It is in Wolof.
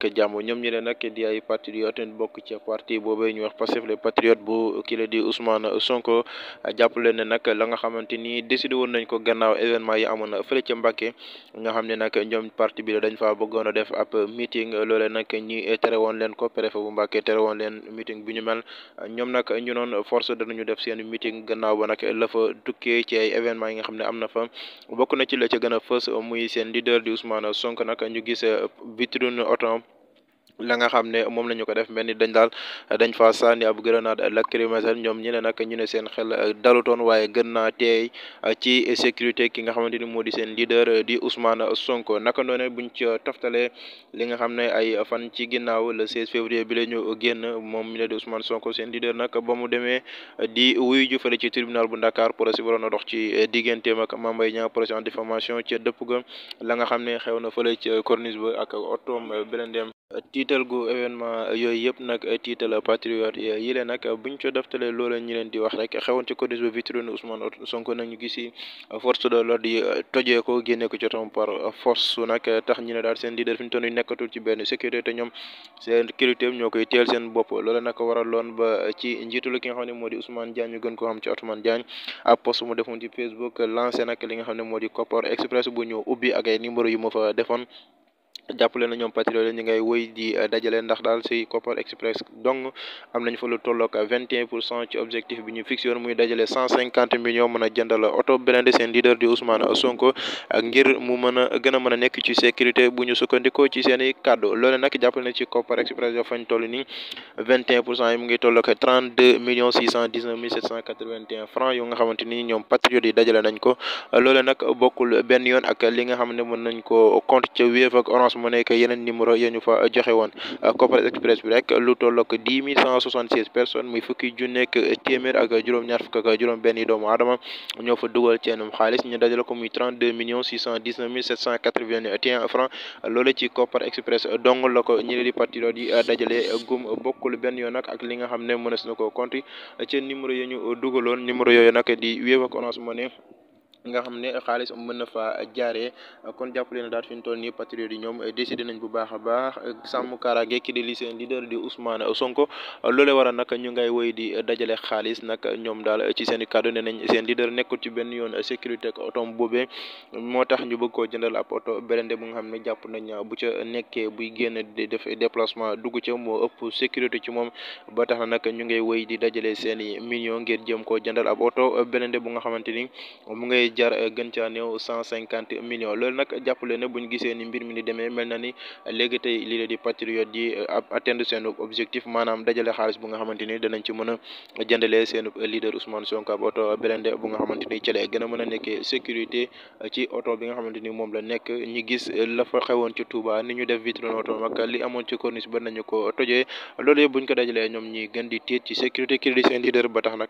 ak jàmm ñoom ñu ne nag di ay patriote bokk ci parti boobee ñu wax Pastef les bu kii di Ousmane nag la nga xamante ni décidé woon nañ ko gannaaw événement yi amoon fële ca Mbàkke xam ne nag ñoom parti bi dañ faa bëggoon a def ab meeting loolee nag ñi tere leen ko préfet bu Mbàkke tere woon leen meeting ñu mel ñoom nag ñu noon force danañu def seen meeting gannaaw ba la fa tukkee ci ay événement yi nga xam ne am na fa bokk na ci la ca gën a fës muy seen leader di Ousmane Sonko nag ñu gis vitrine oto la nga xam ne moom la ñu ko def mel ni dañ daal dañ fa sànni ab grenade lacrymogène ñoom ñu ne nag ñu ne seen xel dalutoon waaye gën na teey ci sécurité ki nga xamante ni moo di seen leader di Ousmane Sonko naka noone buñ ci toftalee li nga xam ne ay fan ci ginnaaw le 16 février bi la ñu génn moom mi la di Ousmane Sonko seen leader nag ba mu demee di wuyu ju fële ci tribunal bu Dakar procès waroon a dox ci digganteem ak Mame Mbaye Niang procès en diffamation ci dëpp ga la nga xam ne xew na fële ci corniche ba ak otoom beneen dem tiital gu événement yooyu yëpp nag tiital patriote yi leen nag buñ co deftalee loola ñu leen di wax rek xewoon ci corniche ba vitrine Ousmane Sonko nag ñu gisi force de l'ordre yi euh, tojee ko génne ko cotam par force su nag tax ñu ne daal seen di fi ñu toon nekkatul ci benn sécurité te ñoom seen sécurité ñoo koy teel seen bopp loole nag waral loon ba ci njiitalu ki nga xam ne moo di Ousmane Diagne ñu gën ko xam ci Ousmane Diagne ab post mu defoon ci Facebook lancé nag li nga xam ne moo di Kopar Express bu ñu ubbi ak ay numéro yu ma defoon jàppale na ñoom patriote ñi ngay woy di eh, dajale ndax daal si Kopar Express dong am nañ fa lu tolloog vingt un pour cent ci objectif bi ñu fixé woon muy dajale cent eh, mu mën a gën a mën i francs yu nga ñoom patriote yi dajale nañ ko loole nag bokkul benn yoon ak li nga xam ne mën nañ ko compte ca Wave ak Orange mu nekk yeneen numéro ya ñu fa joxe woon Corporate Express bi rek lu tollook dix mille cent soixante seize personnes muy fukki junneeg téeméer ak juróom-ñaar fukk ak juróom-benn doomu aadama ñoo fa dugal ceenum xaalis ñu dajale ko muy trente deux millions six cent dix neuf mille sept cent quatre vingt et un francs loolu ci Corporate Express dong la ko ñi di yi dajale gum bokkul benn yoon nag ak li nga xam ne mënees na koo compte ci numéro yi ñu dugaloon numéro yooyu nag di Wave ak Orange Money nga xam ne xaalis mën na fa jaare kon jàpp leen daal fi ñu toll nii patriote yi ñoom décidé nañ bu baax a baax sàmm kaaraange ki di li seen leader di Ousmane Sonko loole waral naka ñu ngay woy di dajale xaalis nag ñoom daal ci seen i kàddu nañ seen leader nekkul ci benn yoon sécurité ko otom bobe moo tax ñu bëgg koo jëndal ab oto berende bu nga xam ne jàpp nañ bu ca nekkee buy génn di def déplacement dugg ca moo ëpp sécurité ci moom ba tax na ñu ngay woy di dajale seen i million ngir jëm koo jëndal ab oto bu nga xamante ni day jar eh, gën caa néew cent cinquante millions loolu nag jàppale ne bu ñu gisee ni mbir mi ni demee mel ni léegi tey lii la di patriote yi eh, atteindre seen objectif maanaam dajale xaalis bu nga xamante ni danañ ci mën a jëndalee seen eh, leader Ousmane Sonko ab oto blindé bu nga xamante ni a mën a nekkee sécurité ci oto bi nga xamante moom la nekk ñi gis la fa xewoon ci Touba ni ñu def vitrine oto mag li amoon ci corniche ba nañu ko tojee loolu yëpp buñ ko dajalee ñoom ñi gën di tiit ci sécurité kii di seen leader ba tax